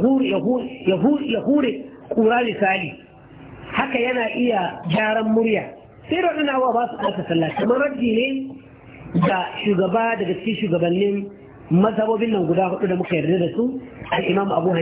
ya hure kura misali haka yana iya gyaran murya sai da ina wa ba su ɗauka sallah kamar ne da shugaba daga cikin shugabannin mazhabobin nan guda hudu da muka yarda da su al-imam abu